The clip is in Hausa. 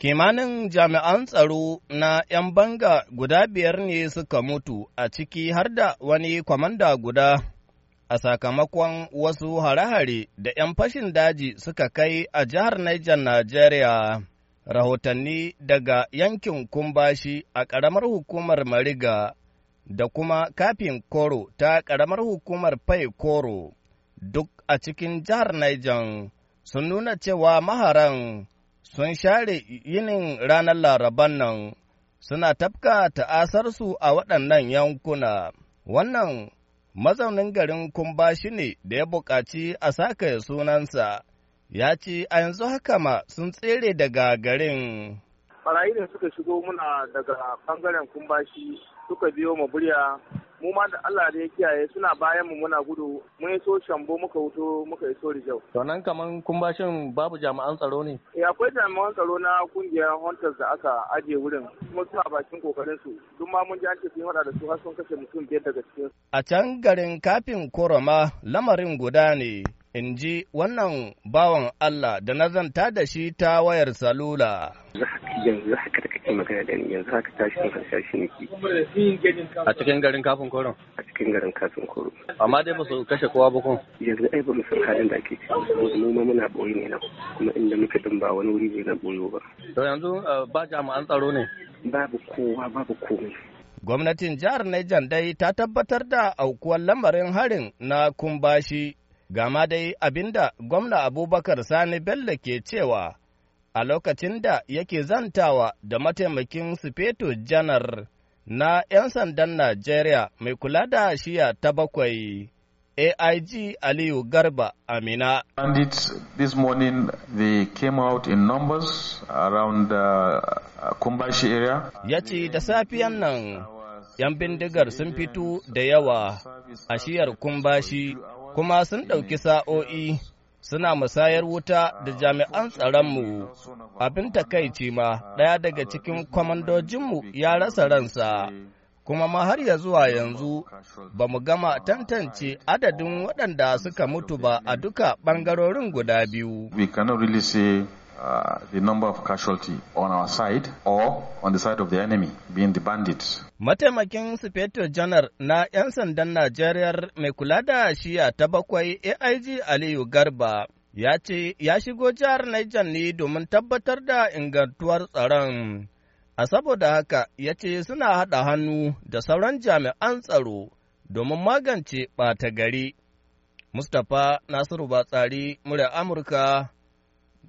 Kimanin jami'an tsaro na ‘yan banga guda biyar ne suka mutu a ciki har da wani kwamanda guda a sakamakon wasu hare-hare da ‘yan fashin daji suka kai a jihar Niger Najeriya. Rahotanni daga yankin Kumbashi a ƙaramar hukumar Mariga da kuma kafin Koro ta ƙaramar hukumar Fai Koro duk a cikin jihar Niger sun nuna cewa maharan sun share yinin ranar laraban nan suna tafka ta'asarsu a waɗannan yankuna. Wannan mazaunin garin kumbashi ne da ya buƙaci a saka sunansa, ya ce a yanzu haka ma sun tsere daga garin. Ɓarayin da suka shigo muna daga ɓangaren kumbashi suka biyo mu burya mu ma da Allah da ya kiyaye suna bayan mu muna gudu mun iso shambo muka wuto muka iso rijau to nan kaman kun ba babu jami'an tsaro ne eh akwai jami'an tsaro na kungiyar hunters da aka ajiye wurin kuma suna bakin kokarin su duk ma mun ji an ce sun hada da su har sun kashe mutum biyar daga cikin a can garin kafin koroma lamarin guda ne in ji wannan bawan Allah da na zanta da shi ta wayar salula. Yanzu haka da kake magana da ni yanzu haka tashin harsashi nake. A cikin garin kafin koron? A cikin garin kafin koron. Amma dai ba su kashe kowa ba kun? Yanzu ai ba mu san halin da ake ciki saboda mu ma muna boye ne nan kuma inda muka din ba wani wuri ne na boyo ba. To yanzu eh, ba jami'an tsaro ne? Babu kowa babu komai. Gwamnatin jihar Niger dai ta tabbatar da aukuwar lamarin harin na kumbashi Gama dai abinda gwamna Abubakar Sani Bello ke cewa a lokacin da yake zantawa da mataimakin Sufeto Janar na ‘yan sandan Najeriya mai kula da shiya ta bakwai. AIG Aliyu Garba Amina. Bandits this morning they came out in numbers around uh, Kumbashi area. Ya ce da safiyan nan ‘yan bindigar sun fito da yawa a shiyar Kumbashi kuma sun ɗauki sa'o'i suna musayar wuta da jami'an tsaronmu. Abin takaici ma ɗaya daga cikin kwamandojinmu ya rasa ransa, kuma ma har ya zuwa yanzu ba mu gama tantance adadin waɗanda suka mutu ba a duka ɓangarorin guda biyu. Uh, the number of casualty on our the side Mataimakin Sufeto Janar na 'yan sandan Najeriya mai kula da shiya ta bakwai AIG Aliyu Garba ya ce ya shigo jihar Niger ne domin tabbatar da ingantuwar tsaron. A saboda haka ya ce suna haɗa hannu da sauran jami'an tsaro domin magance ɓata gari. Mustapha Nasiru Batsari, murya Amurka,